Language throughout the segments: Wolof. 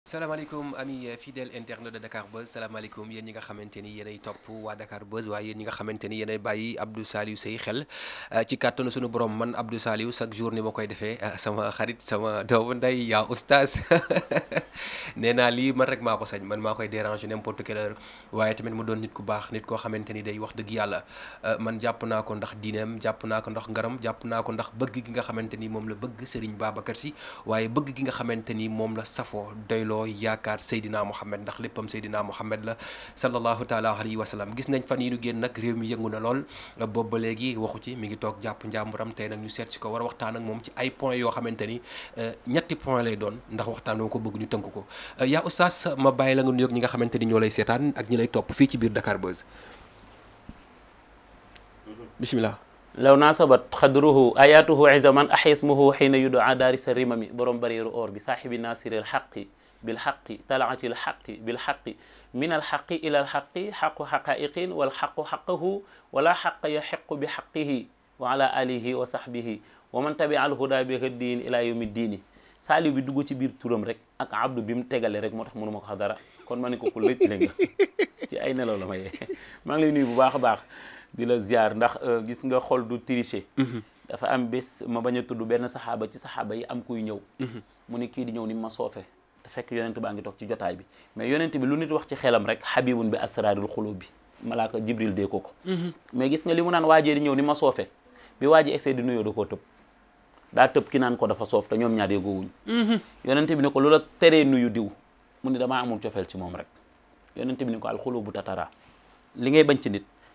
salaamaaleykum ami fidèle internaute de Dakar Buzz salaamaaleykum yéen ñi nga xamante ni yéenay topp waa Dakar Buzz waaye yéen ñi nga xamante ni yéenay bàyyi Abdou Saliou say xel ah, ci kàttanu suñu boroom man Abdou Saliou chaque jour ni ma koy defee ah, sama xarit sama doomu nday yaa oustaz nee lii man rek maa ko sañ man maa koy déranger n'importe quelle heure waaye tamit mu doon nit ku baax nit koo xamante ni day wax dëgg yàlla ah, man jàpp naa ko ndax diineem jàpp naa ko ndax ngaram jàpp naa ko ndax bëgg gi nga xamante ni moom la bëgg Serigne Babacar Sy waaye bëgg gi nga xamante ni moom la safoo doyloo yaakaar Seydina Mohamed ndax léppam Seydina Mohamed la sallallahu taala alayhi wa sallam gis nañ fan yi ñu génn nag réew mi yëngu na lool boobu ba léegi waxu ci mi ngi toog jàpp njàmburam tey nag ñu seet si ko war a waxtaan moom ay point yoo xamante ni euh, ñetti point doon ndax waxtaan ko bëgg ñu tënk ko euh, yaa oustaz ma bàyyi la nga nuyoog ñi nga xamante ni ñoo lay seetaan ak ñi lay topp fii ci biir Dakar Buzz bismillah law naa sabat xadruhu ayatuhu izaman ahismuhu xiina yudu a daari sa rimami borom bariiru or bi saaxibi naasiril xaqi bilxaqi talaati lxaqi bilxaqi min alxaqi ila alxaqi xaqu xaqaiqin walxaqu xaqahu wala xaqa yaxiqu bi xaqihi wa ala alihi wa sahbihi wa man tabi alhuda bi haddiin ila yawmi diini saaliw bi dugg ci biir turam rek ak abdu bi mu tegale rek moo tax mënu ma ko wax dara kon ma ne ko ku lëj la nga ci ay nelaw la ma yee maa ngi lay nuyu bu baax a baax di la ziar ndax euh, gis nga xol du tricher mm-hmm. dafa am bés ma bañ a tudd benn saxaaba ci saxaaba yi am kuy ñëw mm-hmm. mu ne kii di ñëw ni ma soofe fekk yonent baa ngi toog ci jotaay bi mais yonent bi lu nit wax ci xelam rek xabibun bi asraarul xulub bi malaaka jibril dee ko ko mhm. mais gis nga li mu naan waajee di ñëw ni ma soofe bi waaji egsee di nuyoo da koo tëb daa tëb ki naan ko dafa soof te ñoom ñaar yëgoowuñ mhm. yonent bi ne ko lu la teree nuyu diw mu ni damaa amul cofeel ci moom rek yonent bi ne ko alxulubu tatara li ngay bañ ci nit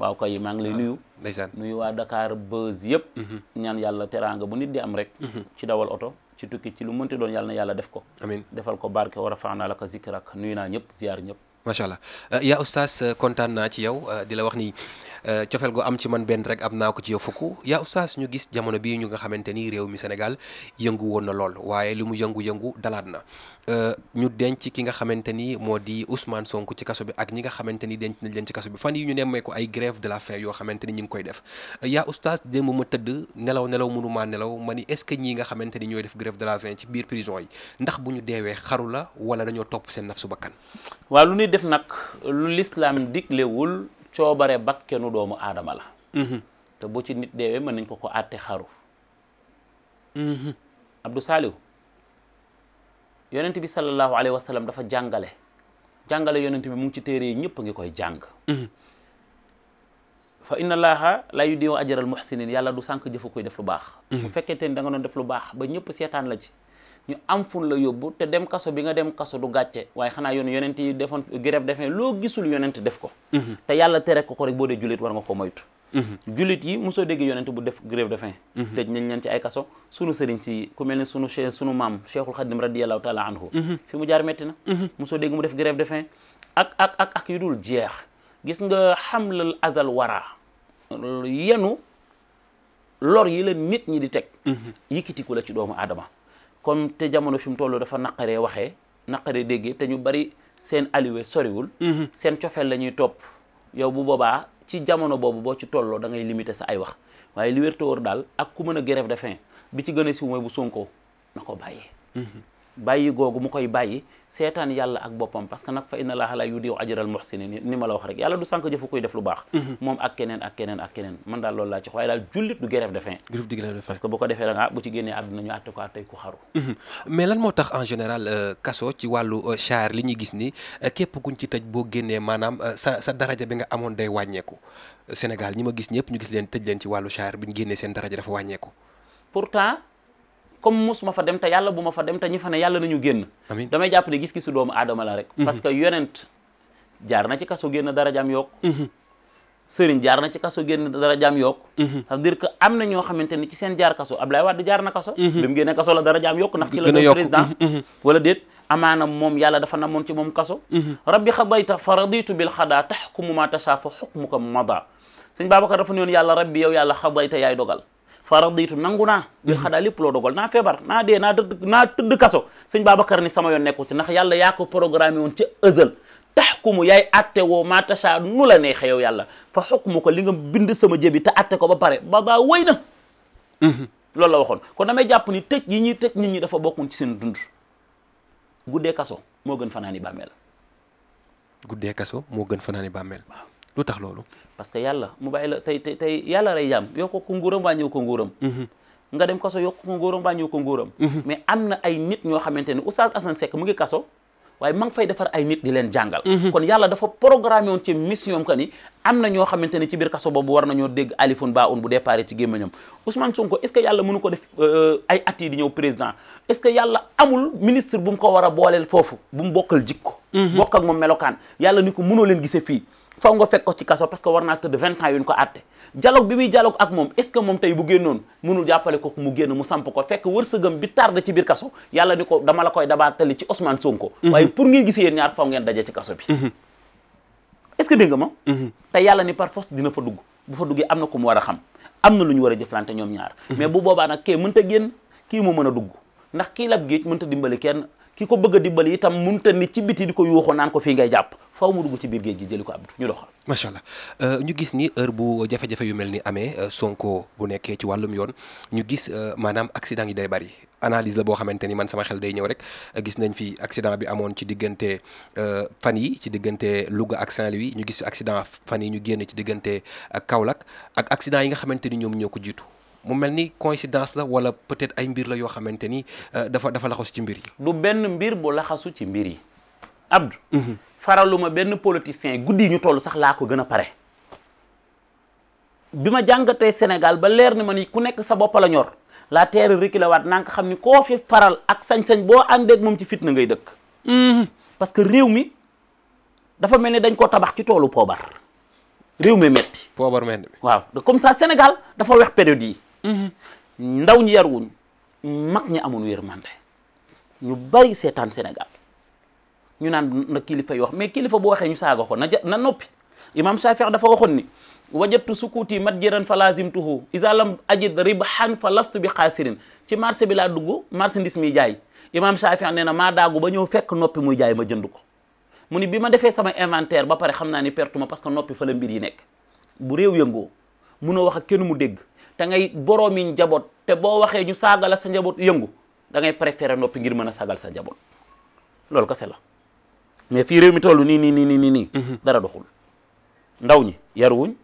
waaw kay maa ngi lay ah, nuyu. ndeysaan nuyu waa Dakar Buzz yëpp. Mhm. ñaan yàlla teraanga bu nit di am rek. Mhm. ci dawal oto ci tukki ci lu mënti doon yàlla na yàlla def ko. amiin defal ko barke war a faanaa la ko nuyu naa ñëpp ziar ñëpp. macha allah euh, yaa oustaz euh, kontaan naa ci yow euh, di la wax nii cofeel gu am ci man benn rek am naa ko ci yow fukk yaa oustaz ñu gis jamono bii ñu nga xamante ni réew mi Sénégal yëngu woon na lool waaye li mu yëngu-yëngu dalaat na ñu denc ki nga xamante ni moo di Ousmane Sonko ci kaso bi ak ñi nga xamante ni denc nañ leen ci kaso bi fan yi ñu nemmee ko ay grève de la faim yoo xamante ni ñu ngi koy def yaa oustaz démb ma tëdd nelaw nelaw mënumaa nelaw ma ni est-ce que ñii nga xamante ni ñooy def grève de la faim ci biir prison yi ndax bu ñu deewee la wala dañoo topp seen nafsu bakkan def nag lu lislaam diglewul coobare bakkenu doomu aadama la mhm. te bu ci nit deewee mën nañ ko ko àtte xaru mhm. Abdou Saliou yonent bi sallallahu alayhi wa sallam dafa jàngale jàngale yonent bi mu ngi ci téere yi ñëpp ngi koy jàng mhm. fa inna allaha la yudiyu ajral muhsinin yàlla du sànk jëfu koy def lu baax bu ni da nga doon def lu baax ba ñëpp seetaan la ci ñu am fun la yóbbu te dem kaso bi nga dem kaso du gàcce waaye xanaa yoon yonent yi defoon grève defee loo gisul yonent def ko mhm. te yàlla tere ko ko rek boo dee jullit war nga ko moytu mhm. jullit yi mosoo dégg bu de faim mhm. tëj nañ leen ci ay kaso sunu sëriñ si ku mel ne sunu che sunu maam cheikhul xadim radiallahu taala anhu fi mu jaar metti na mosoo dégg def grève de faim ak ak ak ak yu dul jeex gis nga wara yenu lor yi la nit ñi di teg yëkkatiku la ci doomu aadama comme te jamono fi mu toll dafa naqaree waxee naqaree déggee te ñu bari seen aliwe soriwul. Mhm. seen cofeel la ñuy topp yow bu boobaa ci jamono boobu boo ci tolloo da ngay limiter sa ay wax waaye li wér daal ak ku mën a grève de faim bi ci gën a siiw mooy bu Sonko na ko bàyyee. Mhm. bàyyi googu mu koy bàyyi seetaan yàlla ak boppam parce que nag fa inna laaha laa yudii'u ajral muhsinin ni ma la wax rek yàlla du sànk jëfu koy def lu baax mhm. moom ak keneen ak keneen ak keneen man daal loolu laa ci xaru mhm. mais moo tax en général euh, kaso ci wàllu euh, char li ñuy gis ni euh, képp kuñ ci tëj boo génnee maanaam sa sa daraja bi nga amoon day wàññeeku Sénégal ñi ma gis ñëpp ñu gis leen tëj leen ci wàllu char bi ñu génnee seen daraja dafa wàññeeku comme mosuma fa dem te yàlla bu ma fa dem te ñi fa ne yàlla nañu génn damay jàpp ne gis-gisu doomu aadama la rek mhm. parce que yonent jaar na ci kaso génn darajaam yokk mhm. sëriñ jaar na ci kaso génn dara yokk ça mhm. ni ci seen jaar kaso Ablaye Wade jaar na kaso bi mu génne kaso la dara jaam yokk ndax ci la doon président wala déet amaana moom yàlla dafa namoon ci moom kaso rabbi xabayta fa raditu bil xadaa taxkumu ma tashaa fa xukmuka mada sëñ Babacar dafa ne woon yàlla rabbi yow yàlla xabayta yaay dogal faraditu nangu naa bil mhm. xadaa lépp loo dogal naa feebar naa dee naa dëdd naa tëdd kaso sëñ Babacar ni sama yoon nekku ci ndax yàlla yaa ko programme woon ca ëzal taxkumu yaay atte woo maa tasha nu la ne yow yàlla fa xukmu ko li nga bind sama jebi te atte ko ba pare ba baa wéy na mhm. loolu la waxoon kon damay jàpp ni tëj yi ñuy tëj nit ñi dafa bokkoon ci seen dund guddee kaso moo gën fanaani bàmmeel guddee kaso moo gën fanaani bàmmeel lu tax loolu parce que yàlla mu bàyyi la tey tey tey yàlla rey jaam ko nguuram wàññiw ko nguuram mhm. nga dem kaso yokk ko nguuram wàññiw ko nguuram mhm. mais am na ay nit ñoo xamante ne oustaz Assane Seck mu ngi kaso waaye ma fay defar ay nit di leen jàngal mhm. kon yàlla dafa programmé woon ci mission ka ni am na ñoo xamante ne ci biir kaso boobu war nañoo dégg alifun baa un bu départ ci gémmiñam Ousmane Sonko est que yàlla mënu ko def euh, ay at di ñëw président est que yàlla amul ministre bu ko war a booleel foofu bu mu bokkal jikko bokk ak moom ko mënoo leen faw nga fekk ko ci kaso parce que war naa tëdd vingt ans ko àtte dialogue bi muy dialogue ak moom est-ce que moom tey bu génnoon mënul jàppale ko mu génn mu samp ko fekk wërsëgam bi tarde ci biir kaso yàlla ni ko dama la koy dabaatali ci Ousmane Sonko. Mhm. waaye pour ngeen gisee yéen ñaar faw ngeen daje ci kaso bi. Mhm. est-ce que dégg ma. Mhm. te yàlla ni par dina fa dugg bu fa duggee am na ku mu war a xam am na lu ñu war a jëflante ñoom ñaar. mais bu boobaa nag kee mënta génn a dugg ndax kii lab géej ki ko bëgg a dimbali itam mënta ni ci biti di ko yuuxoo naan ko fii ngay jàpp faaw mu dugg ci biir géej gi jëli ko Abdou ñu doxal macha allah euh, ñu gis ni heure bu jafe yu mel ni amee euh, Sonko bu nekkee ci wàllum yoon ñu gis euh, maanaam accident yi day bari analyse boo xamante ni man sama xel day ñëw rek gis nañ fi accident bi amoon ci diggante fan yi ci diggante Louga ak Saint-Louis ñu gis accident fan yi ñu génn ci diggante Kaolack ak accident yi nga xamante ni ñoom ñoo ko jiitu mu mel ni coïncidence la wala peut-être ay mbir la yoo xamante ni euh, dafa dafa laxasu ci mbir yi. du benn mbir bu laxasu ci mbir yi Abdou. Mhm. faraluma benn politicien guddi yi ñu toll sax laa ko gën a pare. bi ma jàngatee Sénégal ba leer ni ma ni ku nekk sa bopp la ñor la terre reculé waat naa xam ni koo fi faral ak sañ-sañ boo àndeek moom ci fitna ngay dëkk. Mhm. parce que réew mi dafa mel ni dañ koo tabax ci toolu poobar réew mi metti poobar metti waaw ndaw ñi yarwuñ mag ñi amoon yërmande ñu bari seetaan Sénégal ñu naan na kilifa yi wax mais kilifa bu waxee ñu saaga ko na na noppi imam Shafii dafa waxoon ni wajatu sukuuti matjiran fa lazimtuhu isa lam ba ribhan fa lastu bi xaasirin ci marché bi laa dugg marchandise mi jaay imam Shafii nee na maa daagu ba ñëw fekk noppi muy jaay ma jënd ko mu bi ma defee sama inventaire ba pare xam naa ni pertuma parce que noppi fa la mbir yi nekk te ngay boroomi njaboot te boo waxee ñu saagal la sa njaboot yëngu da ngay préférer noppi ngir mën a sagal sa njaboot loolu kese la mais fii réew mi toll nii nii nii nii nii. Mhm. dara doxul ndaw ñi yaruwuñ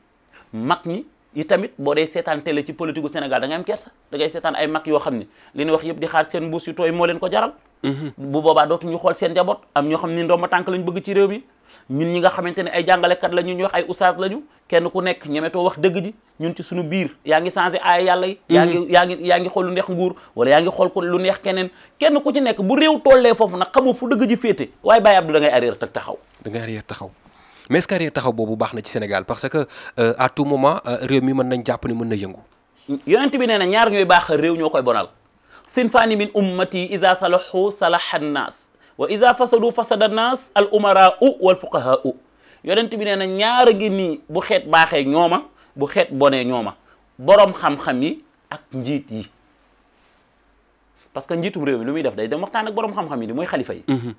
mag ñi yi tamit boo dee seetaan télé ci politique gu Sénégal da ngay am kersa da ngay seetaan ay mag yoo xam ne li ñu wax yëpp di xaar seen mbuus yu tooy moo leen ko jaral. Mhm. bu boobaa dootuñu xool seen njaboot am ñoo xam ni ndomba tànk lañ bëgg ci réew mi ñun ñi nga xamante ne ay jàngalekat la ñu wax ay oustaz la kenn ku nekk ñemetoo wax dëgg ji ñun ci suñu biir yaa ngi changé ay yàlla yi yaa ngi mhm. yaa ngi yaa xool lu neex nguur wala yaa ngi xool ko lu neex keneen kenn ku ci nekk bu réew tollee foofu nag xamoo fu dëgg ji féete waaye Baye Abdou da ngay arrière tak taxaw da ngay arrière taxaw mais est-ce que arrière taxaw boobu baax na ci Sénégal parce que euh, à tout moment euh, réew mi mën na jàpp ne mën na yëngu yonent bi nee na ñaar ñooy baax réew ñoo koy bonal sinfaani min ummati isa salahu salaha nnaas wa isa fasadu fasada nas al umara u wal fuqaha u yonent bi nee na ñaar a nii bu xeet baaxee ñooma bu xeet bonee ñooma boroom xam-xam yi ak njiit yi parce que njiitum réew mi lu muy def day dem waxtaan ak boroom xam-xam yi di mooy xalifa yi mhm.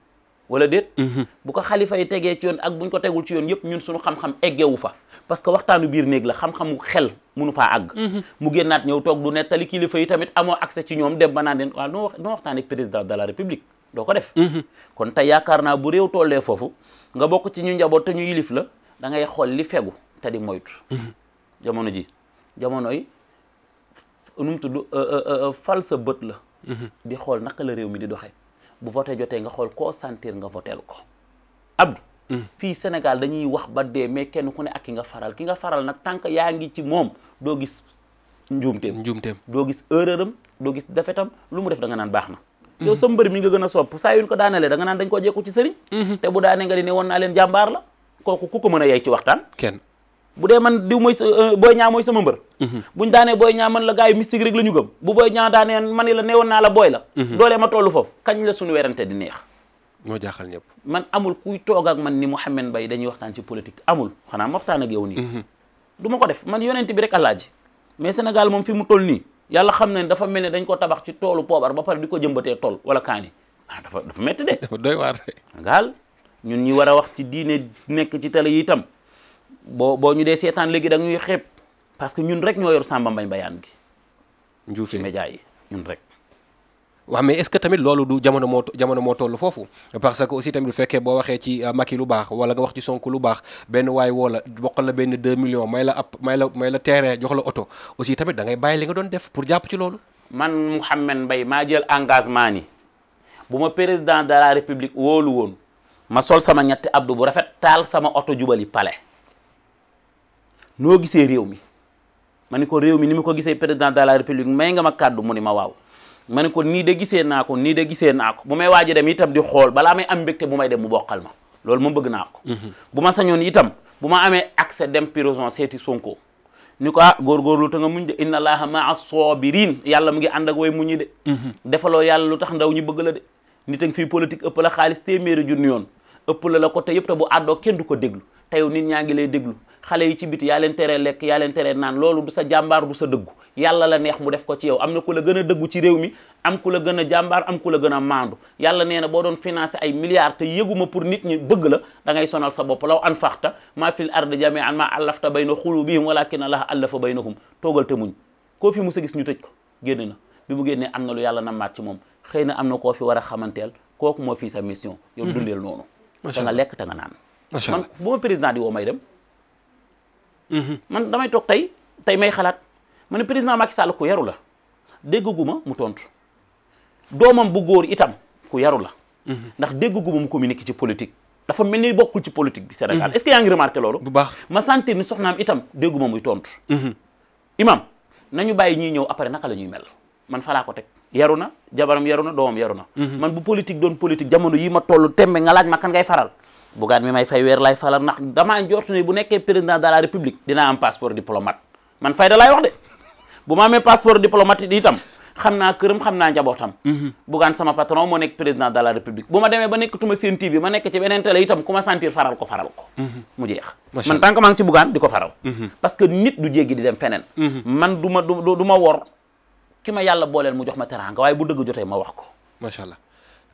wala déet mhm. bu ko xalifa yi tegee ci yoon ak buñ ko tegul ci yoon yëpp ñun suñu xam-xam eggewu fa parce que waxtaanu biir néeg la xam-xamu xel munu faa àgg mhm. mu génnaat ñëw toog du nettali kilifa yi tamit amoo accès ci ñoom dem ba naan leen waaw noo wax noo waxtaan ak la république doo ko def mhm. kon te yaakaar naa bu réew tollee foofu nga bokk ci ñu njaboot te ñu yilif la da ngay xool li fegu te di moytu mhm. jamono ji jamonoy nu mu tudd euh, euh, euh, fal sa bët la mhm. di xool naka la réew mi di doxee bu voté jotee nga xool ko sentir nga votel ko Abdou fii Sénégal dañuy wax ba dee kenn ku ne ak ki nga faral ki nga faral nag tant que yaa ngi ci moom doo gis njuumteem njuumteem doo gis erreuram doo gis defetam lu mu def da nga naan baax na yow sa mbër mi nga gën a sopp saa yuñ ko daanalee da nga naan dañ koo jekku ci sëriñ mhm. te bu daane nga di ne naa leen jàmbaar la kooku ku ko mën a yey ci waxtaan kenn bu dee man diw mooy euh, booy ñaa sama mbër mhm. buñ ñu gëm booy ñaa daanee la neewoon naa la booy la mhm. doolee ma tollu foofu kañ la suñu werante di neex moo jaaxal ñëpp man amul kuy toog man ni Mouhamed Mbaye dañuy waxtaan ci politique amul xanaa moom fi mu toll nii yàlla xam nañ dafa mel ne dañ ko tabax ci toolu poobar ba pare di ko jëmbatee tool wala kaani ah dafa dafa de. dafa doy waar gaal ñun ñi war a wax ci diine nekk ci télé yi itam boo boo ñu dee seetaan léegi da ñuy xeeb parce que ñun rek ñoo yor sàmba mbañ mbayaan gi. njuufee ci média yi ñun rek. wax mais est-ce que tamit loolu du jamono moo jamono moo toll foofu parce que aussi tamit bu fekkee boo waxee ci euh, Macky baax wala nga wax ci Sonko lu baax benn waay woo la bokkal la benn 2 millions may la ab may la may la terrain jox la oto aussi tamit dangay ngay bàyyi li nga doon def pour jàpp ci loolu. man Mouhamed mbay maa jël engagement ni bu ma président de la république woolu woon ma sol sama ñetti abdu bu rafet taal sama oto jubali pale noo gisee réew mi ma ni ko réew mi ni ko gisee président de la république may nga ma kàddu mu ni ma waaw. ma ne ko nii de gisee naa ko nii de gisee naa ko bu may waaj dem itam di xool balaa may am mbégte bu may dem mu bokkal ma loolu moom bëgg naa ko. Mhm. bu ma sañoon itam bu ma amee accès dem prison seeti Sonko. ni ko ah góorgóorlu te nga muñ de inna allaha maa sobirin yàlla mu ngi ànd ak way muñi de. Mhm. defaloo yàlla lu tax ndaw ñu bëgg la de. nit a fii politique ëpp la xaalis téeméeri junni yoon ëpp la la ko te yëpp te bu àddoo kenn du ko déglu te yow nit ñaa ngi lay déglu xale yi ci biti yaa leen teree lekk yaa leen tere naan loolu du sa jàmbaar du sa dëggu yàlla la neex mu def ko ci yaw am na ku la gën a dëggu ci réew mi am ku la gën a jàmbaar am ku la gën a maandu yàlla nee na boo doon financé ay milliards te yëguma pour nit ñi bëgg la dangay sonal sa bopp law an faxta maa fil la jamian maa allafta bayna xulubihim fa allaha allafa baynahum toogal te koo fi musa gis ñu tëj ko génn na bi mu génnee am na lu yàlla na nammaat ci moom xëy na am na koo fi war a xamanteel kooku moo fii sa mission yow dundeel noonu da nga lekk te nga naan man bu ma président di woo may Mhm. man damay toog tey tey may xalaat man ne président Macky Sall ku yaru la déggaguma mu tontu doomam bu góor itam ku yaru la. Mhm. ndax déggaguma mu communiqué ci politique. dafa mel ni bokkul ci politique bi Sénégal mhm. est-ce que yaa ngi remarqué loolu. bu baax ma sentir ni soxnaam itam dégguma muy tontu. imam nañu bàyyi ñuy ñëw après naka la ñuy mel man fa laa ko teg. yaru na jabaram yaru na doomam yaru na. man bu politique doon politique jamono yi ma toll tembe nga laaj ma ngay faral. Bougane mi may fay weer lay falal ndax damaa njortu ne bu nekkee président de la république dinaa am passeport diplomate man fayda laay wax de bu ma amee passeport diplomate itam xam naa këram xam naa njabootam. Mhm. Bougane sama patron moo nekk président de la république bu ma demee ba nekkatuma seen TV ma nekk ci beneen télé itam ku sentir faral ko faral ko. Mhm. mu jeex man tant ci Bougane di ko faral. Mhm. parce que nit du jéggi di dem feneen. man du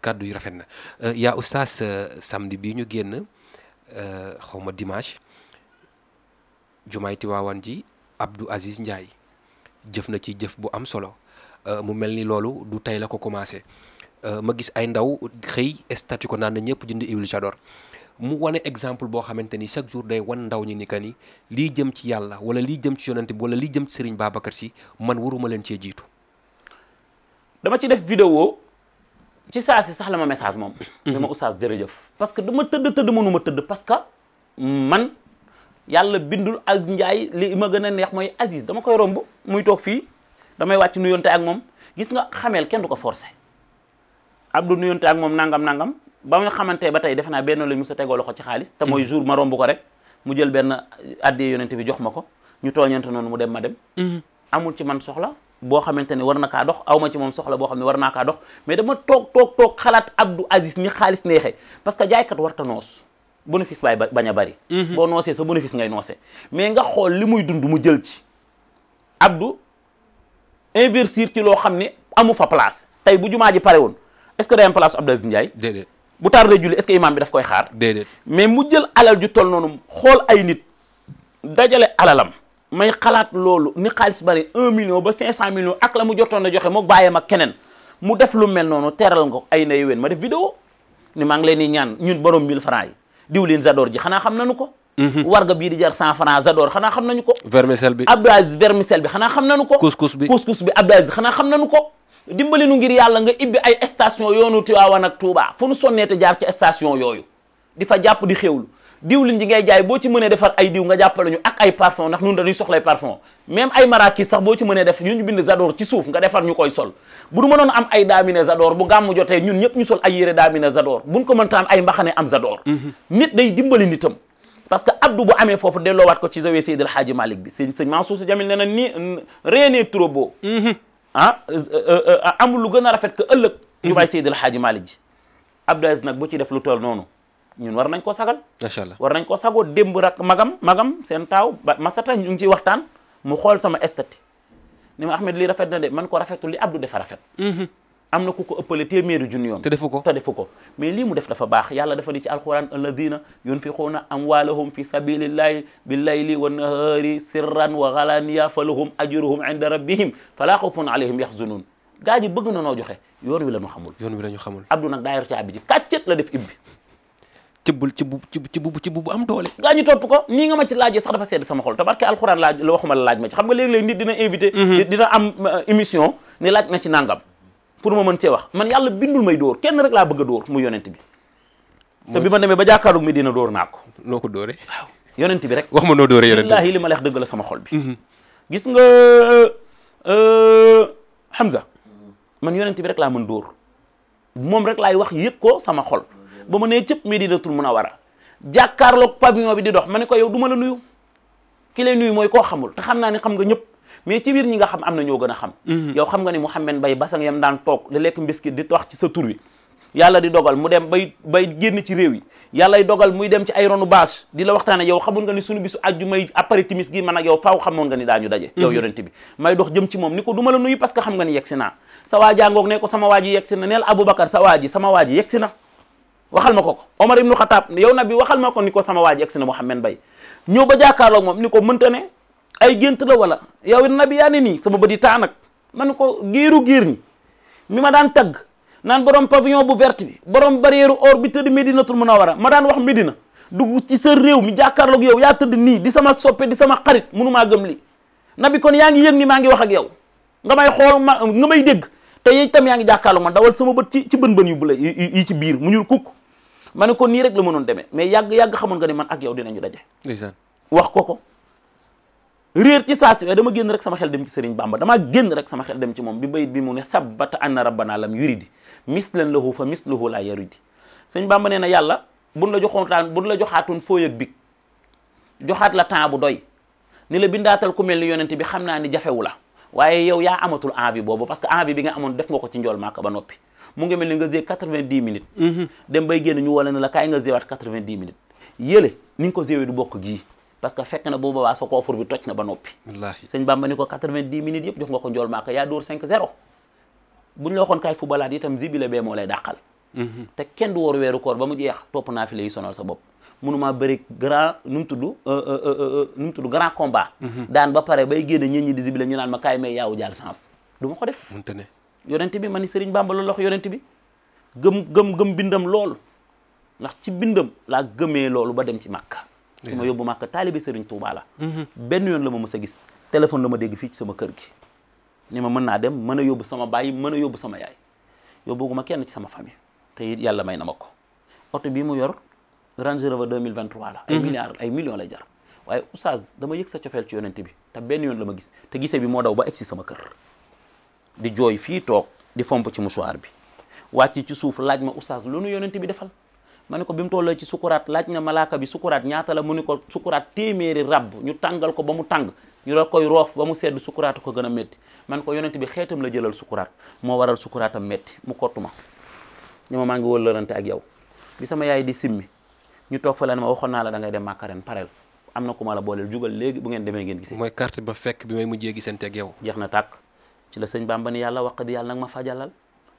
kàddu yu rafet na euh, yaa oustaz euh, samedi bii ñu génn euh, xawma ma dimanche jumaay Tiwaawan ji Abdou Aziz Ndiaye jëf na ci jëf bu am solo mu mel ni loolu du tey la ko commencé ma gis ay ndaw xëy statut ko naan na ñëpp jënd huile mu wane exemple boo xamante ni chaque jour day wan ndaw ñi ni que ni lii jëm ci yàlla wala lii jëm ci yonante bi wala lii jëm ci Serigne Babacar Sy man waruma leen cee jiitu. dama ci def vidéo ci saa si sax la ma message moom. Mhm. dama oustaz jërëjëf. parce que dama tëdd tëdd mënu ma tëdd parce que man yàlla bindul Aziz njaay li ma gën a neex mooy Aziz dama koy romb muy toog fii damay wàcc nuyonte ak moom gis nga xameel kenn du ko forcé Abdou nuyonte ak moom nangam nangam ba nga xamante ba tey defe naa benn la mu sa tegoo loxo ci xaalis. te mooy mhm. jour ma romb ko rek mu jël benn addiya yonent bi jox ma ko ñu tooñante noonu mu dem ma dem. Mhm. amul ci man soxla. boo xamante ne war na kaa dox aw ma ci moom soxla boo xam ne war naa kaa dox mais dama toog toog toog xalaat Abdou Aziz ni xaalis neexee parce que jaaykat warta noos bénéfice baay bañ a bari. Mhm. boo noosee sa bénéfice ngay noose mais nga xool li muy dund mu jël ci Abdou investir ci loo xam ne amu fa place tey bu jumaa ji pare woon est que day am place Abdou Aziz Ndiaye bu tardé julli est-ce que imam bi daf koy xaar déedéet mais mu jël alal ju toll noonu xool ay nit dajale alalam may xalaat loolu ni xaalis bari un million ba cinq cent millions ak la mu jotoon a joxe moo bàyyam ak keneen mu def lu mel noonu teral nga ay na yowén ma def vidéo ni maa ngi leen di ñaan ñun borom 1000 francs yi diwlin Zador ji xanaa xam nañu ko mhm. warga bii di jar cent francs Zador xanaa xam nañu ko vermicelle bi Abdou Aziz vermicelle bi xanaa ko couscous bi couscous bi Abdou Aziz xanaa na nañu ko dimbali nu ngir yàlla nga ibbi ay station yoonu Tiwaawan ak Touba fu nu sonnee te jaar ci station yooyu di jàpp di xéwlu diwlin ji ngay jaay boo ci mënee defar ay diw nga jàppale ñu ak ay parfum ndax ñun dañuy soxlay parfum même ay maraakis sax boo ci mënee def ñun ñu bind zador ci suuf nga defar ñu koy sol bu du mënoon am ay daamine zador bu gàmm jotee ñun ñëpp ñu sol ay yére daamine zador buñ ko mëntaan ay mbaxane am zador mhm. nit day dimbali nitam parce que abdou bu amee foofu delloowaat ko ci zawe Seydil Hadji Malick bi sëñ sëñ Mansour Sy Djamil nee na ni rien n'est trop beau mhm. ah, euh, euh, amul lu gën a rafet ëllëg ñu mhm. bàyyi Seydil Hadji Malick ji Abdou Aziz nag bu ci def lu toll noonu ñun war nañ ko sagal macha allah war nañ koo sagoo démb rak magam magam seen taaw ba masata ñu ngi ciy waxtaan mu xool sama estati ni ma Ahmed lii rafet na de man ko rafetul li Abdou defa rafet mm-hmm. am na ku ko ëppale téeméeri junni yoon te defu ko defu ko mais lii mu def dafa baax yàlla dafa di ci alquran alladina yunfiquuna amwalahum fi sabilillahi billayli wa nahari sirran wa galaniya falahum ajruhum inda rabbihim fala xawfun alayhim yaxzunun gaa ji bëgg na noo joxe yoon wi la ñu xamul yoon wi la ñu xamul Abdou nag daa yor cëbbal ci bu ci bu ci bu bu am doole gaa ñu topp ko nii nga ma ci laajee sax dafa sedd sama xol te barke alxuraan laaj la waxuma la laaj ma ci nga léeg-léeg nit dina invité mhm. dina am euh, émission ne laaj na ci nangam pour ma man cee wax man yàlla bindul may dóor kenn rek laa bëgg a dóor mu yonent bi te bi ma demee ba jàkkaarloog mi dina dóor naa ko noo ko dóore waaw bi rek wax ma noo dóore yonent bi li ma leex dëgg la sama xol bi mhm. gis nga euh, euh, Hamza man yonent bi rek laa man dóor moom rek laay wax yëg ko sama xol ba ma nee cëpp a Munawara jàkkaarloog pavillon bi di dox ma ne ko yow du ma la nuyu ki lay nuyu mooy koo xamul te xam naa ne xam nga ñëpp mais ci biir ñi nga xam am na ñoo gën a xam mhm. yow xam nga ni Mouhamed Mbaye basang yam daan toog di lekk mbiskit di wax ci sa tur bi di dogal mu dem bay bay ci réew yi yàllay dogal muy dem ci ay ronu bâche di la waxtaane yow xamoon nga ni sunu bisu ajju may après timis gi man ak yow faaw xamoon nga ni daañu daje mhm. yow yonente bi may dox jëm ci moom ni ko du ma la nuyu parce que xam nga ni yegsi naa sa waajangoog ne ko sama waaji yegsi na sa waaji sama waaji na waxal ma ko ko Omar ibnu Xataab yow nabi waxal ma ko ni ko sama waa ji egsi na Mouhamed ñëw ba jàkkaarloog moom ni ko mënta ne ay gént la wala yow nabi yaa ne nii sama bët yi taa nag man ko giiru giir ni mi ma daan tagg naan borom pavillon bu verte bi borom barrière or bi tëdd Medinatul Munawara ma daan wax Medina dugg ci sa réew mi jàkkaarloog yow yaa tëdd nii di sama soppe di sama xarit munumaa gëm li nabi kon yaa ngi yëg ni maa ngi wax ak yow nga may xool ma may dégg te yow itam yaa ngi jàkkaarloog man dawal sama bët ci ci bën bën yu bu ci biir mu ñuul ma ne ko nii rek la mënoon deme mais yàgg yàgg xamoon nga ne man ak yow ñu daje. ndeysaan wax ko ko réer ci saa waaye dama génn rek sama xel dem ci Serigne Bamba dama génn rek sama xel dem ci moom bi bayit bi mu ne thabbata anna rabbana lam yuridi la lahu fa mis la yaridi Serigne Bamba nee na yàlla buñ la joxootaan buñ la joxaatoon fooy ak bi joxaat la temps bu doy ni la bindaatal ku mel ni yonent bi xam naa ni jafewu la waaye yow yaa amatul envie boobu parce def nga ko ci njool maaka ba noppi mu ngi mel ni nga zee quatre-vingt-dix minutes mhm. dem bay génn quatre-vingt-dix minutes yële ni nga ko zeewee du bokk gii parce que fekk na bu boobaa sa koofur bi toj na ba noppi wallaahi sëñ Bamba ni ko quatre-vingt-dix minutes yëpp jox nga ko njool maaka yaa dóor cinq zéro buñ la waxoon kaay fubalaat itam zibile bee moo lay dàqal mhm. te kenn du wor weeru koor ba mu jeex topp naa fi lay sonal sa bopp mënumaa bëri grand mu tudd euh, euh, euh, nu mu tudd grand combat mhm. daan ba pare bay génn ñit ñi di zibile ñu naan ma kaay may yaaw jaal sens du ma yonent bi ma ni Sëriñ Bàmba loolu la wax yonent bi gëm gëm gëm bindam loolu ndax ci bindam laa gëmee loolu ba dem ci Màkka su ma yóbbu Màkka taalibe Sëriñ Tuubaa la mm-hmm. benn yoon la ma mës gis téléphone la ma dégg fii ci sama kër gi ni ma mën naa dem mën a yóbbu sama baay mën a yóbbu sama yaay yóbbu ma kenn ci sama famille te yàlla may na ma ko oto bi mu yor Range Rover 2023 la ay mm-hmm. milliards ay millions lay jar waaye oustaz dama yëg sa cofeel ci yonent bi te benn yoon la ma gis te gisee bi moo daw ba egsi sama kër di jooy fii toog di fomp ci musuwaar bi wàcc ci suuf laaj ma oustaz lu nu yonent bi defal ma ne ko bi mu tolloo ci sukuraat laaj na malaaka bi sukuraat ñaata la mu ne ko sukuraat téeméeri rab ñu tàngal ko ba mu tàng ñu la koy roof ba mu sedd sukkuraat ko gën a métti man ko yonent bi xeetam la jëlal sukuraat moo waral sukuraatam métti mu kottu ma ñu ma maa ngi wëllërante ak yow bi sama yaay di simmi ñu toog fa la ne ma waxoon naa la da ngay dem Màkka ren pareel am na ku ma léegi bu ngeen demee ngeen gisee. mooy carte ba fekk bi may mujjee gisante ak yow. jeex na tàkk. ci la sëñ Bàmba ni yàlla waqdi yàlla nag ma fajalal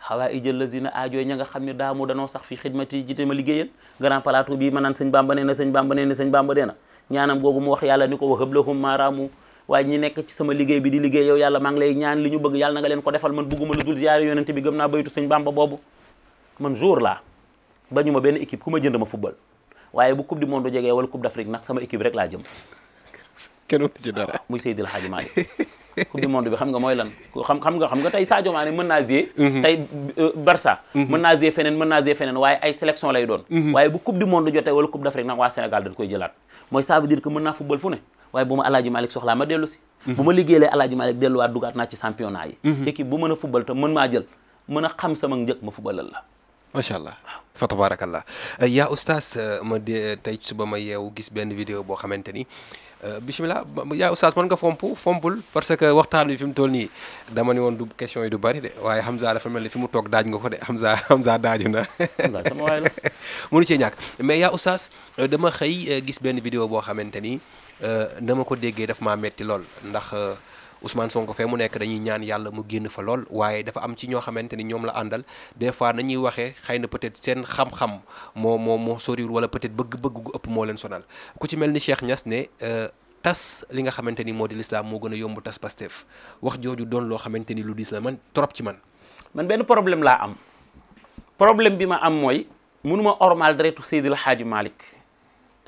xawaa ijël la na aajooy ña nga xam ne daamu danoo sax fii xidmati jiite ma liggéeyal grand plateau bii ma naan sëñ Bàmba nee na sëñ Bàmba nee na sëñ Bàmba nee ñaanam googu mu wax yàlla ni ko wa hëblahum maaraamu waaye ñi nekk ci sama liggéey bi di liggéey yow yàlla maa ngi lay ñaan li ñu bëgg yàlla na nga leen ko defal man bugguma lu dul ziyaare yonente bi gëm naa baytu sëñ Bàmba boobu man jour laa bañu ma benn équipe ku ma jënd ma football waaye bu coupe du monde jegee wala coupe d'Afrique nag sama équipe rek laa jëm kenn mënu ci dara ah, muy Seydil Hadji Malick coupe du mooy lan xam xam nga xam naa jouer mhm. fu ne waaye bu ma Alaaji Malick soxlaa ma dellu si mhm. bu ma liggéeyee Alaaji Malick delluwaat dugaat naa ci championnat yi équipe mhm. bu mën a football te maa jël mën a xam sama njëkk ma footballal la macha allah fa tabarakallah yaa oustaz ma de tey suba ma yeewu gis benn vidéo boo xamante ni Euh, bisimilah yaa oustaz mën nga fomp fompul parce que waxtaan bi fi mu toll nii dama ne woon du question yi du bari de waaye Hamza dafa mel ni fi mu toog daaj nga ko de Hamza Hamza daaju na. sama waay la. mënu cee ñàkk mais yaa oustaz euh, dama xëy euh, gis benn vidéo boo xamante ni dama ko déggee dafa maa metti lool ndax. Ousmane Sonko fee mu nekk dañuy ñaan yàlla mu génn fa lool waaye dafa am ci ñoo xamante ni ñoom la àndal des fois nañuy waxee xëy na peut-être seen xam-xam moo moo moo soriwul wala peut-être bëgg-bëgg gu ëpp moo leen sonal ku ci mel ni Cheikh Niass ne euh, tas li nga xamante ni moo di lislaam moo gën a yomb tas Pastef wax jooju doon loo xamante ni lu diis la man trop ci man. man benn problème laa am problème bi ma am mooy mënuma ormal deretu la xaaju Malick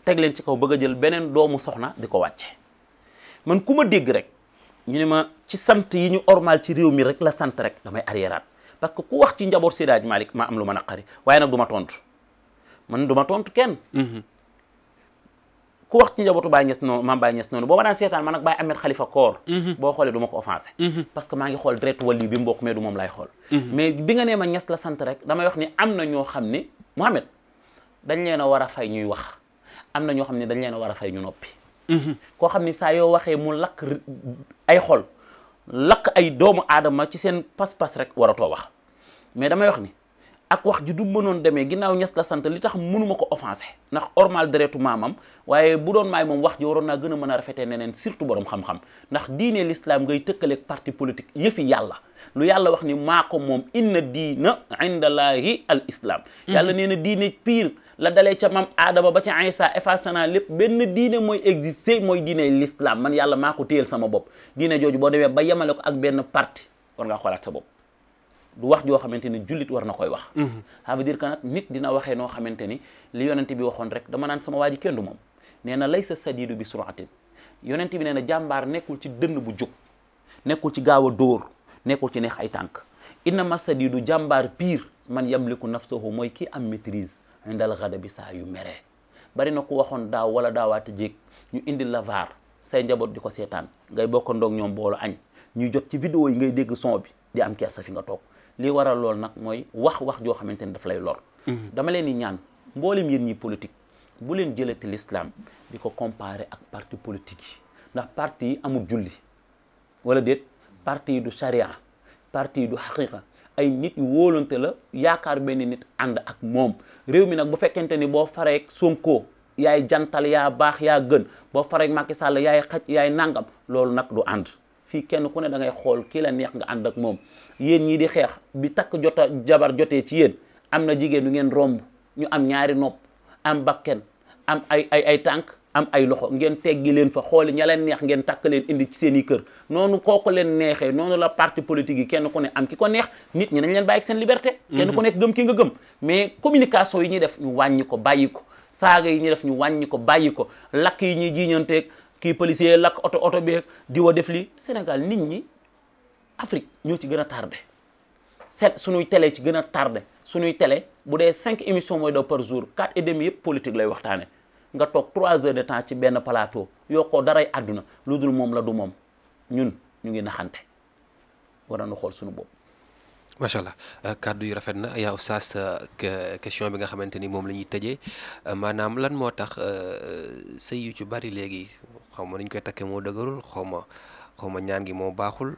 teg leen ci kaw bëgg a jël beneen doomu soxna di ko wàcce man ku ma ñu ne ma ci sant yi ñu ormal ci réew mi rek la sant rek damay arriéraat parce que ku wax ci njaboot Sédaaj Malick maa am lu ma naqari waaye nag du ma tontu man du ma kenn. Mhm. ku wax ci njabootu Baye Niass noonu maam Baye Niass noonu boo ma daan seetaan man nag Baye Ahmed Khalifa Koor mhm. boo xoolee du ma ko offensé mhm. parce que maa ngi xool direct wali bi mu bokk mais du moom laay mais bi nga nee ma Niass la sant rek damay wax ni am na ñoo xam ne Mohamed dañ leen a war a fay ñuy wax am na ñoo xam ne dañ leen a war a fay ñu noppi Mhm. koo xam ni saa yoo waxee mu lakk ay xol lakk ay doomu aadama ci seen pas-pas rek waratoo wax mais damay wax ni ak wax ji du mënoon demee ginnaaw ñas la sant li tax mënuma ko offensé ndax ormal deretu maamam waaye bu doon maay moom wax ji waroon naa gën a mën a rafetee neneen surtout borom xam-xam ndax diine l'islam ngay tëkkaleeg parti politique yëfi yàlla lu yàlla wax ni maa ko moom inna diina indallahi al islam mhm. yàlla nee na diine pire la dalee ca maam aadama ba ca Iisa effacé naa lépp benn diine mooy exister mooy diine l'islam man yàlla maa ko téyel sama bopp diine jooju boo demee ba yemale ko ak benn parti war ngaa xoolaat sa bopp du wax joo xamante ni jullit war na koy wax mhm. ça veut dire que nag nit dina noo xamante ni li bi waxoon rek dama naan sama waa ji kenn du moom nee na lay sa sadiidu bi suratin yonente bi nee na jàmbaar nekkul ci dënn bu jóg nekkul ci gaaw a dóor nekkul ci neex ay tànk inna ma sadiidu jàmbaar piir man yamliku nafsahu mooy kii am maîtrise indal xada bi saa yu meree bari na ko waxoon daaw wala daawaate jéeg ñu indil la vaar say njaboot di ko seetaan ngay bokkandoog ñoom boolu añ ñuy jot ci vidéo yi ngay dégg son bi di am sa fi nga toog li waral lool nag mooy wax-wax joo xamante ni daf lay lor mhm. dama leen di ñaan mboolem yéen ñi politique bu leen jëlati l'islam di ko comparer ak parti politique yi ndax parti yi amul julli wala déet parti yi du charia parti yi du xaqiqa ay nit yu wóolante la yaakaar benn nit ànd ak moom réew mi nag bu fekkente ni boo fareek Sonko yaay jantal yaa baax yaa gën boo fareek Macky sàll yaay xaj yaay nangam loolu nag du ànd fii kenn ku ne da ngay xool kii la neex nga ànd ak moom yéen ñii di xeex bi takk jota jabar jotee ci yéen am na jigéen nu ngeen romb ñu am ñaari nopp am bakken am ay ay ay tànk am ay loxo ngeen teggi leen fa xooli ña leen neex ngeen takk leen indi ci seen i kër noonu kooku leen neexee noonu la parti politique yi kenn ku ne am ki ko neex nit ñi nañ leen bàyyi seen liberté mhm. kenn ku nekk gëm ki nga gëm mais communication yi ñuy def ñu wàññi ko bàyyi ko saaga yi ñuy def ñu wàññi ko bàyyi ko lakk yi ñuy jiiñanteeg kii policier lakk oto oto beeg di wa def li Sénégal nit ñi Afrique ñoo ci gën a tardé seet suñuy télé ci gën a tardé suñuy télé bu dee cinq émissions mooy daw par jour quatre et demi yëpp politique lay waxtaane nga toog trois heures de temps ci benn plateau yokkoo daray àdduna lu dul moom la du moom ñun ñu ngi naxante war na xool suñu bopp. macha allah euh, kàddu yu rafet na yaa oustaz euh, question bi nga xamante ni moom la ñuy tëjee euh, maanaam lan moo tax sëy yu bari léegi xaw ma nañ koy takkee moo dëgërul xaw xaw ma ñaan gi moo baaxul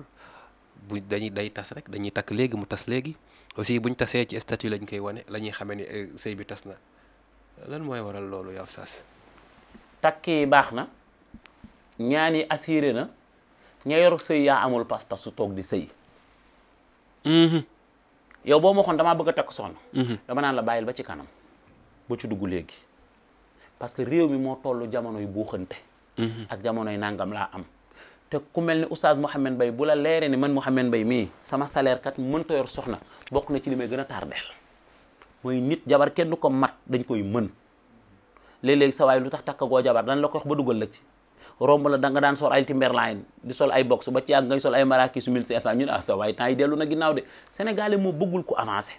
bu dañuy day tas rek dañuy takk léegi mu tas léegi aussi buñ tasee ci statut lañ koy wane la ñuy xamee ni sey bi tas na lan mooy waral loolu yow sas takk yi baax na ñaan yi assuré na ña yoru sëy yaa amul pas-pas su toog di sëy mm-hmm. yow boo ma waxoon damaa bëgg a takk soxna mm-hmm. dama naan la bàyyil ba ci kanam bu ci dugg léegi parce que réew mi moo tollu jamono yu buuxante mm-hmm. ak jamonoy nangam laa am te ku mel ni oustaz Mouhamed Mbaye bu la leeree ni man Mouhamed Mbaye mii sama salaire kat mënta yor soxna bokk na ci li may gën a tardeel mooy nit jabar kenn ko mat dañ koy mën léeg-léeg sa lu tax takkagoo jabar dañ la ko wax ba dugal la ci romb la da nga daan sol ay Timberline di sol ay box ba ci yàgg ngay sol ay Marrakech su 1500 ñu ne ah sa waay temps yi dellu na ginnaaw de sénégalais moo bëggul ko avancé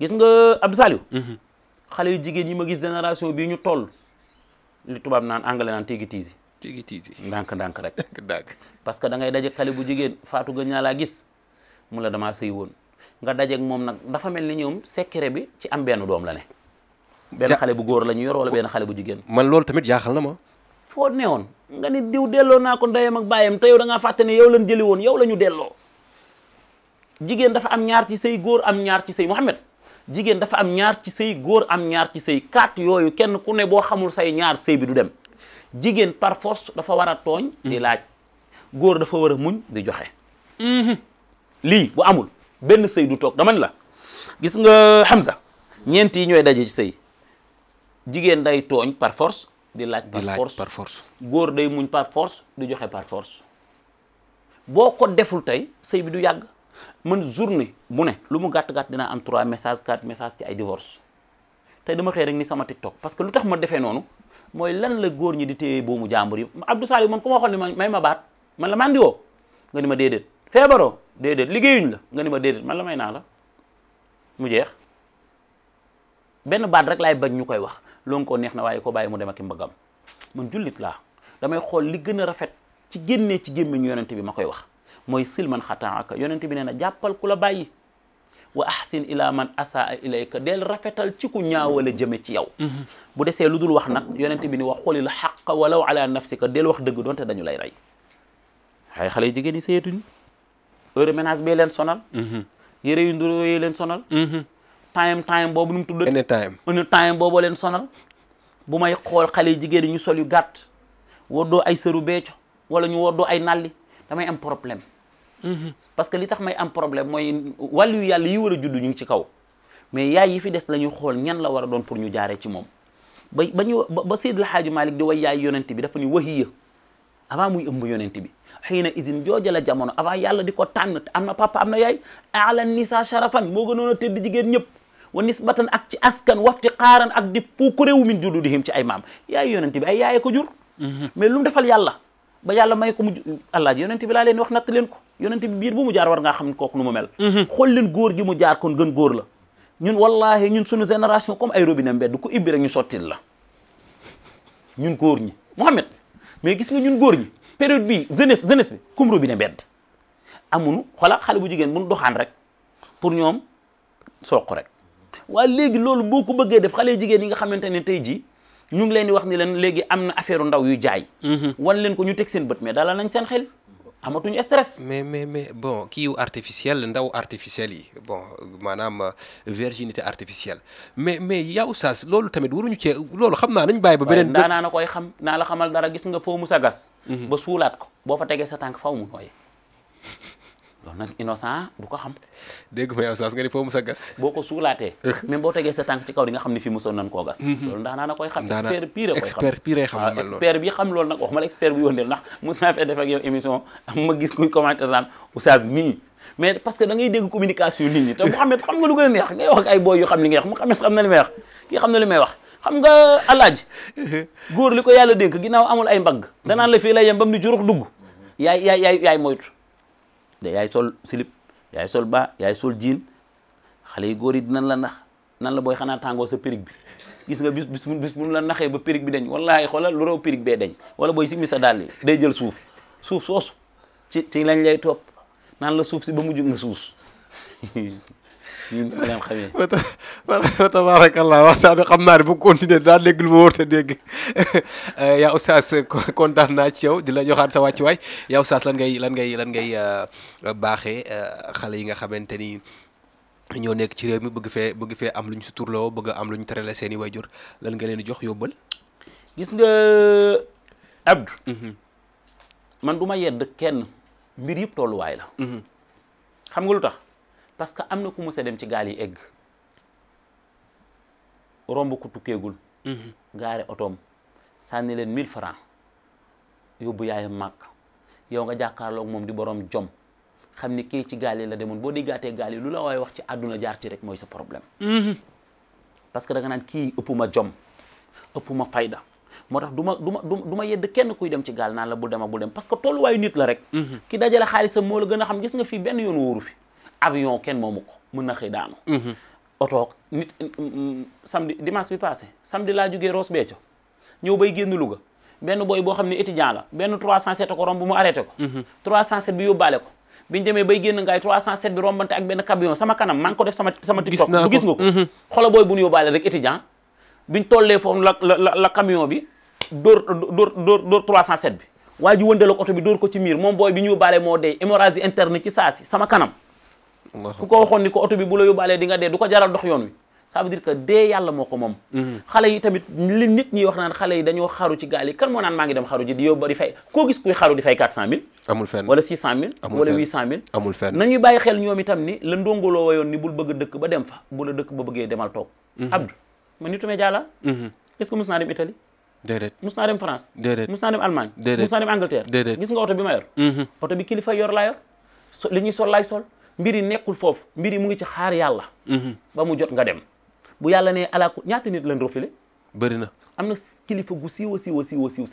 gis nga ab Saliou mhm. xale yu jigéen yi ma gis génération bii ñu toll li tubaab naan anglais naan téegi tiisi téegi tiisi ndànk ndànk rek ndànk parce que da ngay daje xale bu jigéen faatu gën ñaa laa gis mu la damaa sëy woon nga dajeek moom nag dafa mel ni ñoom secret bi ci am benn doom la ne. benn xale bu góor la ñu yor wala benn xale bu jigéen. man loolu tamit jaaxal na ma. foo newoon nga ni diw delloo naa ko ndeyam ak baayam te yow da ngaa fàtte ne yow lañ jëli woon yow la delloo. jigéen dafa am ñaar ci sëy góor am ñaar ci sëy Mouhamed jigéen dafa am ñaar ci sëy góor am ñaar ci sëy kaat yooyu kenn ku ne boo xamul say ñaar sëy bi du dem jigéen par dafa war a tooñ. di mm. laaj góor dafa war a muñ di joxe. Mm-hmm. lii bu amul. benn sëy du toog dama ne la gis nga Hamza ñeent yi ñooy daje ci sëy jigéen day tooñ par force di laaj par force góor day muñ par force di joxe par force boo ko deful tey sëy bi du yàgg man journée bu ne lu mu gàtt-gàtt dinaa am trois messages quatre messages ci ay divorce tey dama xëy rek ni sama TikTok parce que lu tax ma defe noonu mooy lan la góor ñi di téye boomu jàmbur yi Abdou Saliou man ku ma xool ni may ma baat man la mandi woo nga ni ma déedéet feebaroo déedéet liggéeyuñ la nga ni ma déedéet man la may naa la mu jeex benn baat rek laay bañ ñu koy wax loon ko neex na waaye ko bàyyi mu dem ak mbagam man jullit laa damay xool li gën a rafet ci génnee ci gémmiñu yonent bi ma koy wax mooy silman xataa ak yonent bi nee na jàppal ku la bàyyi wa ahsin ila man asaa ilayka del rafetal ci ku ñaawale jëme ci yow mm-hmm. bu desee lu dul wax nag yonent bi ni wax xulil xaq walaw ala nafsika del wax dëgg doonte dañu lay rey waaye jigéen yi sëyetuñu heure menage bee leen sonal. Mhm. yére yu nduroo yi leen sonal. Mhm. time time boobu nu mu tudd. any time any time boobu leen sonal. bu may xool xale jigéen ñu sol yu gàtt woddoo ay sëru beeco wala ñu woddoo ay nalli damay am problème. Mhm. parce que li tax may am problème mooy wàllu yàlla yi war a judd ñu ngi ci kaw. mais yaay yi fi des la ñuy xool ñan la war a doon pour ñu jaaree ci moom ba ba ñu ba Seydil Hadji Malick di way yaay yonent bi dafa ni wahiya avant muy ëmb yonent bi. xëy na isin jooja la jamono avant yàlla di ko tànn am na papa am na yaay ala nisa sharafan moo gënoon a tëdd jigéen ñëpp wa nisbatan ak ci askan wafti xaaran ak di puukuréewu min jududihim ci ay maam yaay yonent bi ay yaaye ko jur mhm. mais lu defal yàlla ba yàlla may ko mu allah ji yonent bi laa leen wax natt leen ko yonent bi biir bu mu jaar war ngaa xam ne kooku nu mu mel mhm. xool leen góor gi mu jaar kon gën góor la ñun wallahi ñun suñu génération comme ay robinet mbedd ku ñu sottil la ñun góor ñi Mouhamed mais gis nga ñun góor ñi période bi jeunesse jeunesse bi kumro bi ne bedd amunu xoola xale bu jigéen bu nu doxaan rek pour ñoom soq rek waaye léegi loolu boo ko bëggee def xale jigéen yi nga xamante ne tey jii ñu ngi leen di wax ni leen léegi am na affaire ndaw yu jaay. Mhm. wan leen ko ñu teg seen bët mais dalal nañ seen xel. amatuñu stress. mais mais mais bon kiiw artificiel ndaw artificiel yi bon maanaam euh, virginité artificielle mais mais yow saas loolu tamit waruñu cee loolu xam naa nañ bàyyi ba beneen. waaye naa na koy xam naa la xamal dara gis nga foo mu sa gas. Mhm. ba suulaat boo fa tegee sa tànk faw mu nooy. loolu nag innocent du ko xam. dégg ma yow sax nga ni foo musa gas. boo ko suulaatee. même boo tegee sa ci kaw di nga xam ni fi musoon nañ koo gas. Mhm. loolu ndax daanaka koy koy xam expert la expert bi yónneel ndax mos naa fee def ak yow a ay booy li ngay wax Mouhamed xam na li may wax kii xam na li may wax. xam nga alaaji góor li ko yàlla dénk amul ay mbagg danaan la fii lay ni jurux dugg yaay yaay yaay yaay sol slip yaay sol baa yaay sol jean xale yu góor yi dinañ la nax nan la booy xanaa tàngoo sa périg bi gis nga bis bis bis bu la naxee ba périg bi dañ wallahi xoolal lu raw périg bee dañ wala booy sigmi sa dàll day jël suuf suuf soosu ci ci lañ lay topp nan la suuf si ba mujj nga suus ñun lañ xamee. wa tabaarakallah xam naa ne bu continuer daa dégg lu ma wóor te dégg eh, yaa oustaz naa ci yow di la joxaat sa wàccuwaay yaa oustaz lan ngay lan ngay lan ngay eh, baaxee eh, xale yi nga xamante ni ñoo nekk ci réew mi bëgg fee bëgg fee am lu ñu suturloo bëgg am lu ñu terale seen i wayjur lan nga leen jox yóbbal. nga Abdou. Mhm. man du yedd kenn mbir yëpp tolluwaay la. Mhm. xam nga lu tax. parce que am na ku mës a dem ci gaal yi egg romb ku tukkeegul mhm. gaare otoom sànni leen 1000 francs yóbbu yaayam màkk yow nga jàkkaarloog moom di borom jom xam ni kii ci gaal yi la demoon boo diggaatee gaal yi lu la waaye wax ci àdduna jaar ci rek mooy sa problème mhm. parce que da nga naan kii ëpp ma jom ëpp ma fayda moo tax du ma du ma du ma yedd kenn kuy dem ci gaal naan la bul dema bul dem parce que tolluwaayu nit la rek mhm. ki dajale xaalisam moo la gën a xam gis nga fii benn yoon wóoru fi avion kenn moomu ko mën na xëy daanu. Mhm. otoog nit samedi dimanche bi passé samedi laa jugee Ross Béthio ñëw bay génn Louga benn boy boo xam ni étudiant la benn 307 ko romb bu mu arrêté ko. 307 mhm. bi yóbbaale ko biñ demee bay génn ngaay 307 bi rombante ak benn camion sama kanam maa ngi ko def sama sama TikTok bu gis nga ko. Mhm. xoolal booy bu ñu yóbbaale rek étudiant biñ tollee foofu la la la camion bi dóor dóor dóor dóor 307 bi. waa ji wëndeel ak oto bi dóor ko ci miir moom booy bi ñu yóbbaale moo dee hémorragie interne ci saa si sama kanam. ku ko waxoon ni ko oto bi bu la yóbbaalee di dee du ko jaral dox yoon wi ça dire que dee yàlla moo ko moom mhm. xale yi tamit li nit ñi wax naan xale yi dañoo xaru ci gaal kan moo naan maa ngi dem xaru ji di yóbbu di gis kuy xaru di fay 400000 amul fenn wala 600000 wala 800000 amul fenn nañuy bàyyi xel ñoom itam ni la ndongoloo wayoon ni bul bëgg dëkk ba dem fa bu dëkk ba bëggee demal toog mhm. Abdou man nitumee jaala mhm. est-ce que mus naa dem mbir yi nekkul foofu mbir yi mu ngi ci xaar yàlla. Mhm. ba mu jot nga dem. bu yàlla ne ala ko ñaata nit lañ refilé. bëri na am na kilifa gu siiw a siiw a siiw a siiw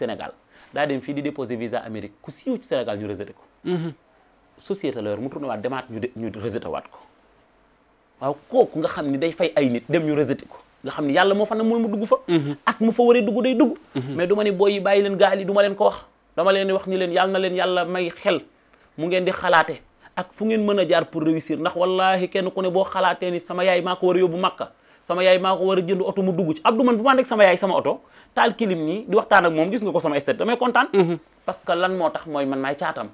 daa dem fii di déposer visa Amérique ku siiw ci Sénégal ñu rejeté ko. Mhm. société la mu tourné waa demaat ñu de ñu rejeté waat ko waaw kooku nga xam ni day fay ay nit dem ñu rejeté ko. nga xam ni yàlla moo fa ne mooy mu dugg fa. Mhm. ak mu fa waree dugg day dugg. mais du ma ni booy yi bàyyi leen gaal yi du ma leen ko wax leen wax ni leen yàlla na leen yàlla may xel mu ngeen di xalaate ak fu ngeen mën a jaar pour réussir ndax wallahi kenn ku ne boo xalaatee ni sama yaay maa ko war a yóbbu Makka sama yaay maa ko war a jënd oto mu dugg ci Abdou man bu ma ànd ak sama yaay sama oto taal kilim nii di moom gis nga ko sama estate kontaan mhm. parce que lan moo tax mooy man maay caatam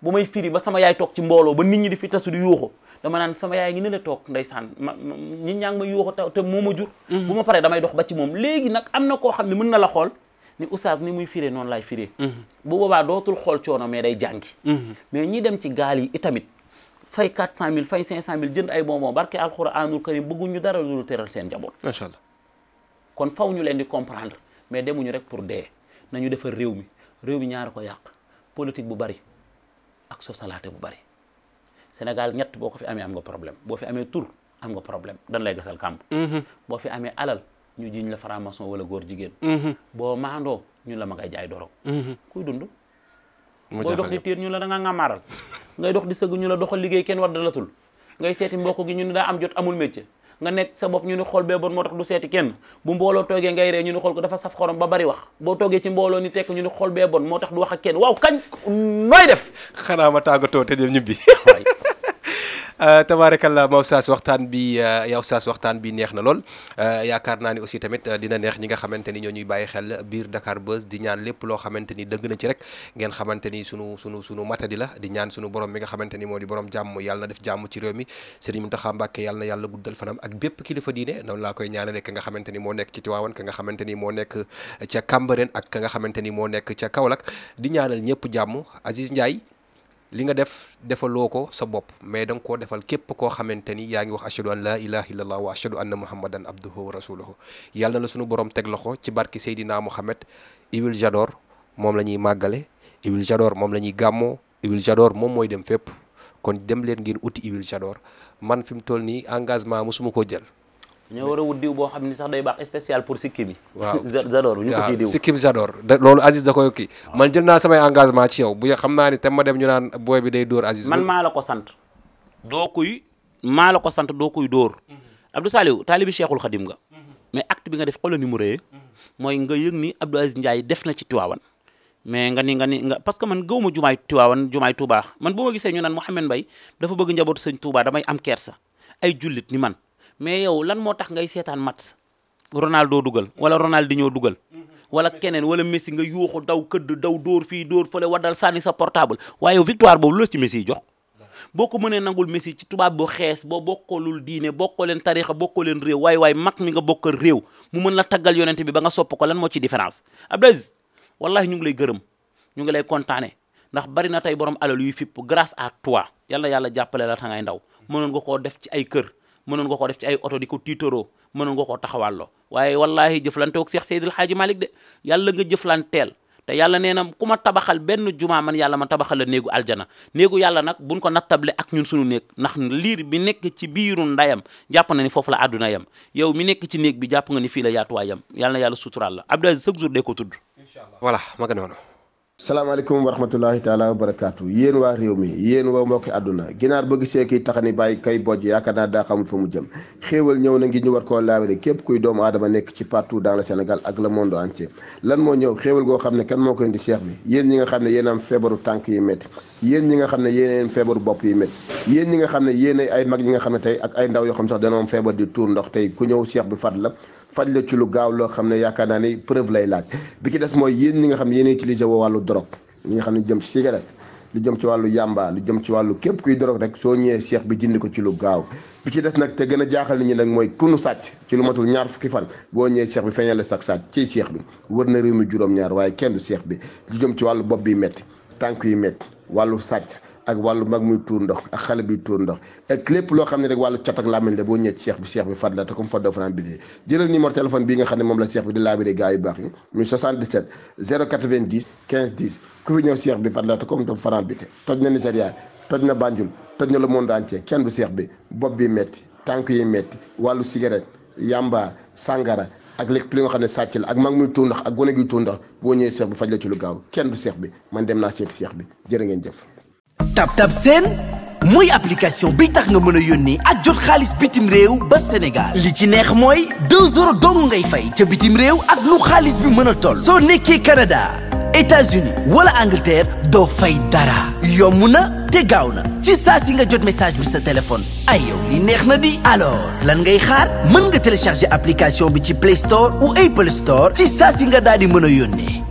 bu may firi ba sama toog ci mbooloo ba nit ñi di fi tasu di yuuxu dama naan sama yaay ngi ne la toog ndeysaan ma ñi ñaa ngi ma yuuxu te moo ma jur mhm. bu ma paree damay dox ba ci moom léegi nag am na koo xam ne mën na la xool ni oustaz ni muy firee noonu laay firee mhm. bu boobaa dootul xool coono mais day jàngi mhm. mais ñi dem ci gaal yi itamit fay 400000 fay 500000 jënd ay bonbon barke alxuraanul karim bëgguñu dara lu teral seen njaboot macha allah kon faw ñu leen di comprendre mais demuñu rek pour dee ñu defar réew mi réew mi ñaar ko yàq politique bu bari ak sosalaate bu bari Sénégal ñett boo ko fi amee am nga problème boo fi amee tur am nga problème dan lay gasal kàmb mhm. boo fi amee alal ñu jiñ la franc-maçon wala góor jigéen mhm. boo maandoo ñu la ma ngay jaay dorog mhm. kuy dund booy dox di téer ñu la da nga ngàmmaaral ngay dox di sëgg ñu la a liggéey kenn war dalatul ngay seeti mbokk gi ñu ne daa am jot amul métier nga nekk sa bopp ñu ni xool bee bon moo tax du seeti kenn bu mbooloo toogee ngay ree ñu ni xool ko dafa saf xorom ba bari wax boo toogee ci mbooloo ni tekk ñu ni xool bee bon moo tax du wax ak kenn waaw kañ nooy def xanaa ma Euh, tabaarakallah ma Oustaz waxtaan bi euh, yaa Oustaz waxtaan bi neex na lool euh, yaakaar naa ne aussi tamit dina neex ñi nga xamante ni ñoo ñuy bàyyi xel biir dakaar Buzz di ñaan lépp loo xamante ni dëgg na ci rek ngeen xamante ni sunu sunu sunu matadi la di ñaan sunu borom mi nga xamante ni moo di borom jàmm yàlla na def jàmm ci réew mi Serigne Mountakha Mbacké yàlla na yàlla guddal fanam ak bépp kilifa diine noonu laa koy ñaanale ka nga xamante ni moo nekk ci Tiwaawan ka nga xamante ni moo nekk ca ak ka nga xamante ni moo nekk ca Kaolack di ñaanal ñëpp jàmm Aziz Ndiaye li nga def defaloo ko sa bopp mais da nga koo defal képp koo xamante ni yaa ngi wax ashadu an laa ilaha illallah wa ashadu anna muhammadan abduhu wa rasuluhu yàlla na la sunu borom teg ci barki Seydina Mohamed Ibil Jador moom la ñuy màggale Ibil Jador moom la ñuy gàmmoo Ibil Jador moom mooy dem fépp kon dem leen ngir uti Ibil Jador man fi mu toll nii engagement musuma koo jël ñoo war a wut diw boo xam ni sax day baax spécial pour sikkim yi. waaw j'adore ñu ko ciy diw sikkim j'adore loolu Aziz da koy kii. man jël naa samay engagement ci yow bu xam naa ma dem ñu naan booy bi day dóor Aziz. man maa la ko sant. doo kuy maa la ko mhm. taalibi Cheikhul Khadim nga. Mhm. mais acte nga mhm. def na ci Tiwaawan. mais nga ni nga ni nga parce man gëwuma jumaay Tiwaawan jumaay Touba man bu ma ñu naan Mouhamed Mbaye dafa bëgg njabootu sëñ Touba damay am kersa ay jullit ni man mais yow lan moo tax ngay seetaan match Ronaldo dugal wala Ronaldinho dugal wala keneen wala Messi nga yuuxu daw këdd daw dóor fii dóor fële waddal sànni sa portable waaye yow victoire boobu loolu ci Messi yi jox boo ko mënee nangul Messi ci tubaab bu xees boo bokkalul diine bokkoo leen tarixa bokkoo leen réew waay waay mag mi nga bokkal réew mu mën la taggal yonente bi ba nga sopp ko lan moo ci différence Abdou Aziz wallahi ñu ngi lay gërëm ñu ngi lay kontaane ndax bari na tey borom alal yuy fipp grâce à toi yal na yàlla jàppale la ta ngay ndaw mënoon nga koo def ci ay kër mënoon nga ko def ci ay oto di ko tiitaroo mënoon nga ko taxawàlloo waaye wallahi jëflante ak Seex Seydil Xaaji Malik de yàlla nga jëflanteel te yàlla nee na ku ma tabaxal benn jumaa man yàlla ma tabaxal la néegu aljana néegu yàlla nag buñ ko nattable ak ñun suñu néeg ndax liir bi nekk ci biiru ndayam jàpp na ni foofu la àdduna yam yow mi nekk ci néeg bi jàpp nga ni fii la yaatuwaayam yàlla na yàlla suturaal la Abdou Aziz chaque jour dee ko tudd. salaamaaleykum wa rahmatullahi taala wa barakaatu yéen waa réew mi yéen waa mbokki àdduna ginaar bëgg tax taxani bàyyi kay bojj yaakaar naa daa xamul fa mu jëm xéewal ñëw na ngi ñu war koo laawale képp kuy doomu aadama nekk ci partout dans le Sénégal ak le monde entier lan moo ñëw xéewal goo xam ne kan moo ko indi cheikh bi yéen ñi nga xam ne yéen am feebaru tànk yi métti yéen ñi nga xam ne yéeneen feebaru bopp yi métti yéen ñi nga xam ne yéenay ay mag ñi nga xam ne tey ak ay ndaw yoo xam sax dana am feebar di tuur ndox tey ku ñëw seex bi fat la faj la ci lu gaaw loo xam ne yaakaar naa ne preuve lay laaj bi ci des mooy yéen ñi nga xam ne yéenay utilisé woo wàllu drogue ñi nga xam ne jëm ci cigarette lu jëm ci wàllu yàmba lu jëm ci wàllu képp kuy dorog rek soo ñëwee seex bi jindi ko ci lu gaaw bi ci des nag te gën a jaaxal nit ñi nag mooy kunu sàcc ci lu matul ñaar fukki fan boo ñëwee seex bi feeñal la ci seex bi wër na réew mi juróom-ñaar waaye kenn du seex bi jëm ci wàllu bopp bi métti tànk yi métti wàllu sàcc ak wàllu mag muy tuur ndox ak xale bi tuur ndox ak lépp loo xam ne rek wàllu cat ak làmmiñ la boo ñëwee ci cheikh bi cheikh bi fàttali la te comme fàttali fanaan bi jëlal numéro téléphone ne moom la cheikh bi di laabiré gars yu baax yi muy 77 090 15 10 ku fi ñëw cheikh bi fàttali la te toj na Nigéria toj na Banjul toj na le monde entier kenn du cheikh bi bopp bi metti tànk yi metti wàllu cigarette yamba sangara ak lépp li nga xam ne sàcc la ak mag muy tuur ndax ak gone gi tuur ndax boo ñëwee seex bi faj la ci lu gaaw kenn du seex bi man dem naa seeti seex bi jërë ngeen jëf. tab tab seen mooy application bi tax nga mën a yónnee ak jot xaalis bitim réew ba Sénégal li ci neex mooy 2 euros dong ngay fay ca bitim réew ak lu xaalis bi mën a toll. soo nekkee Canada. États-Unis wala Angleterre doo fay dara yomb na te gaaw na ci saa si nga jot message bi sa téléphone ay yow li neex na di alors lan ngay xaar mën nga télécharger application bi ci Play Store ou Apple Store ci saa si nga daal di mën a yónnee.